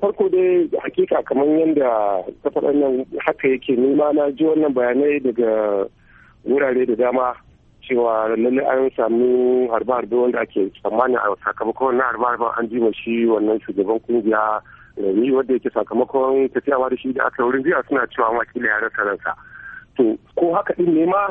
farko dai hakika kamar yadda ta faɗa nan haka yake nima na ji wannan bayanai daga wurare da dama cewa lallai an samu harba-harbe wanda ake tsammani a sakamakon na harba harba an ji shi wannan shugaban kungiya ni wanda yake sakamakon tafiyawa da shi da aka wurin jiya suna cewa ma kila ya rasa ransa to ko haka din ne ma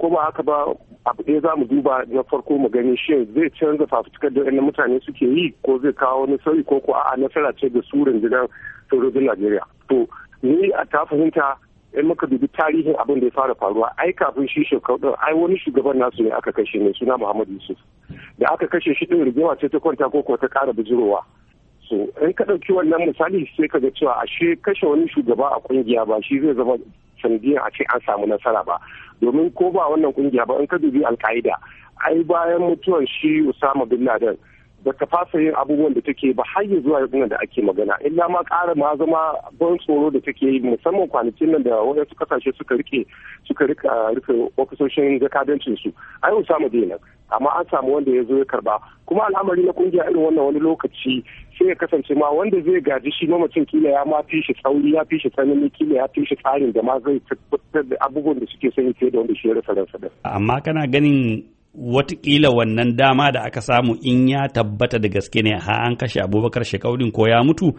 ko ba haka ba abu ɗaya za mu duba na farko mu gani shin zai canza fafutukar da wani mutane suke yi ko zai kawo wani sauyi ko ko a'a nasara ce da su rundunar sojojin Najeriya. To ni a ta fahimta in muka dubi tarihin abin da ya fara faruwa ai kafin shi shekaru ɗin ai wani shugaban nasu ne aka kashe mai suna Muhammad Yusuf. Da aka kashe shi din rigima ce ta kwanta ko ta ƙara bijirowa. So in ka ɗauki wannan misali sai ka ga cewa ashe kashe wani shugaba a kungiya ba shi zai zama sanadiyar a ce an samu nasara ba domin ko ba wannan kungiya ba in ka dubi alka'ida ai bayan mutuwar shi usama bin laden da ka fasa yin abubuwan da take ba har ya zuwa yanzu da ake magana illa ma ƙara ma zama ban tsoro da take yi musamman kwanakin nan da wasu kasashe suka rike suka rike rufe ofisoshin jakadancin su a yau samu daina amma an samu wanda ya zo ya karba kuma al'amari na kungiya irin wannan wani lokaci sai ya kasance ma wanda zai gaji shi mutum kila ya ma fi shi tsauri ya fi shi tsanani kila ya fi shi tsarin da ma zai tabbatar da abubuwan da suke son fiye da wanda shi ya rasa ransa da amma kana ganin watakila wannan dama da aka samu in ya tabbata da gaske ne ha an kashe abubakar shekaudin ko ya mutu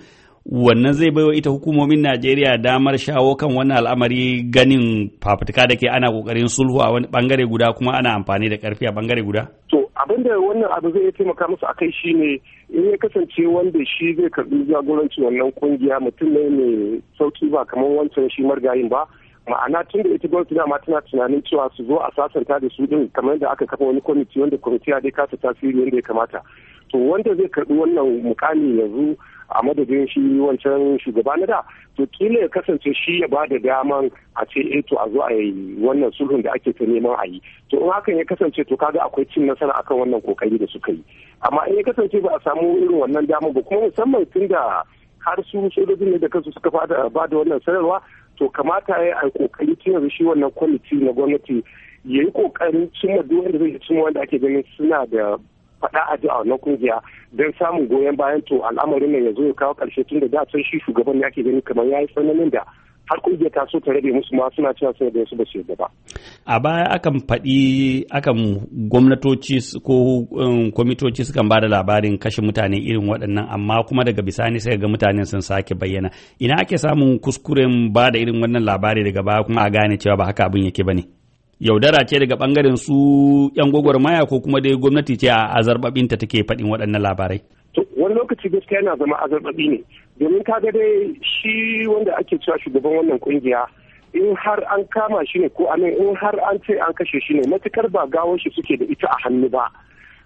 wannan zai baiwa ita hukumomin najeriya damar shawo kan wannan al'amari ganin fafutuka da ke ana kokarin sulhu a wani bangare guda kuma ana amfani da karfi a bangare guda to abin da wannan abu zai taimaka musu akai shine in ya kasance wanda shi zai karbi jagoranci wannan kungiya mutum ne mai sauki ba kamar wancan shi margayin ba ma'ana tun da ita gwamnati dama tana tunanin cewa su zo a sasanta da su din kamar yadda aka kafa wani kwamiti wanda kwamiti ya dai kasa tasiri yadda ya kamata to wanda zai karbi wannan mukami yanzu a madadin shi wancan shugaba na da to kila ya kasance shi ya ba da daman a ce eh to a zo a yi wannan sulhun da ake ta neman a yi to in hakan ya kasance to kaga akwai cin nasara akan wannan kokari da suka yi amma in ya kasance ba a samu irin wannan daman ba kuma musamman tun da har su sojojin ne da kansu suka fada ba da wannan sanarwa to kamata ya yi kokari tun yanzu shi wannan kwamiti na gwamnati ya yi kokarin cimma duk wanda zai cimma wanda ake ganin suna da faɗa a ji a wannan kungiya don samun goyon bayan to al'amarin nan ya zo ya kawo ƙarshe tun da dacin shi shugaban ne ake gani kamar ya yi tsananin da har kungiya ta so ta rabe musu ma suna cewa sanar da wasu ba su yarda ba. a baya akan faɗi akan gwamnatoci ko um, kwamitoci sukan ba da labarin kashe mutane irin waɗannan amma kuma daga bisani sai ga mutane sun sake bayyana ina ake samun kuskuren ba da irin wannan labari daga baya kuma a gane cewa ba haka abin yake ba ne yaudara ce daga bangaren su yan maya ko kuma dai gwamnati ce a azarbabinta take faɗin waɗannan labarai wani lokaci gaskiya yana zama azarbabi ne domin kaga dai shi wanda ake cewa shugaban wannan kungiya in har an kama shi ne ko anan in har an ce an kashe shi ne matukar ba gawar shi suke da ita a hannu ba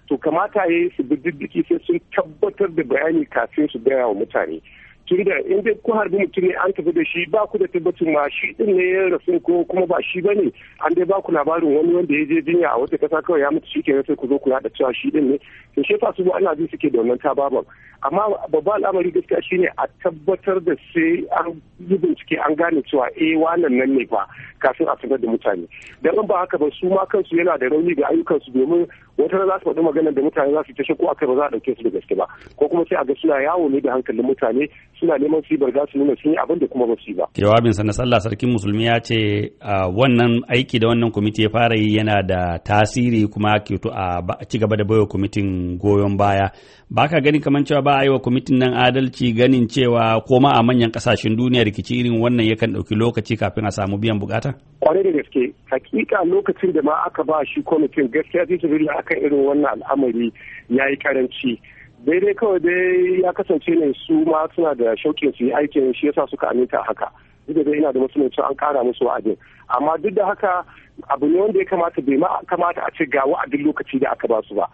to kamata ya su bi diddiki sai sun tabbatar da bayani kafin su gaya wa mutane tun da in dai ku harbi mutum ne an tafi da shi ba ku da tabbacin ma shi din ne ya rasu ko kuma ba shi ba ne an dai ba ku labarin wani wanda ya je jinya a wata kasa kawai ya mutu shi ke sai ku zo ku yada cewa shi din ne to shi fa su ba ana ji suke domin ta tababan amma babban al'amari gaskiya shine a tabbatar da sai an yi bincike an gane cewa eh wannan nan ne ba kafin a sanar da mutane dan ba haka ba su ma kansu yana da rauni ga ayyukansu domin wata za su faɗi magana da mutane za su ta shakku aka ba za a ɗauke su da gaske ba ko kuma sai a ga suna yawo ne da hankalin mutane suna neman su barga su nuna sun yi abin da kuma ba su yi ba. Jawabin sa na sallah sarkin musulmi ya ce wannan aiki da wannan kwamiti ya fara yi yana da tasiri kuma to a ci gaba da baiwa kwamitin goyon baya. Ba ka gani kamar cewa ba a yi wa kwamitin nan adalci ganin cewa ko ma a manyan kasashen duniya rikici irin wannan yakan ɗauki lokaci kafin a samu biyan bukata? Kwarai da gaske, hakika lokacin da ma aka ba shi kwamitin gaskiya zai aka irin wannan al'amari ya yi karanci. daidai kawai dai ya kasance ne su ma suna da shauƙin su yi aikin shi yasa suka aminta haka duk da ina da musulunci an kara musu wa'adin amma duk da haka abu ne wanda ya kamata bai ma kamata a ce ga wa'adin lokaci da aka ba su ba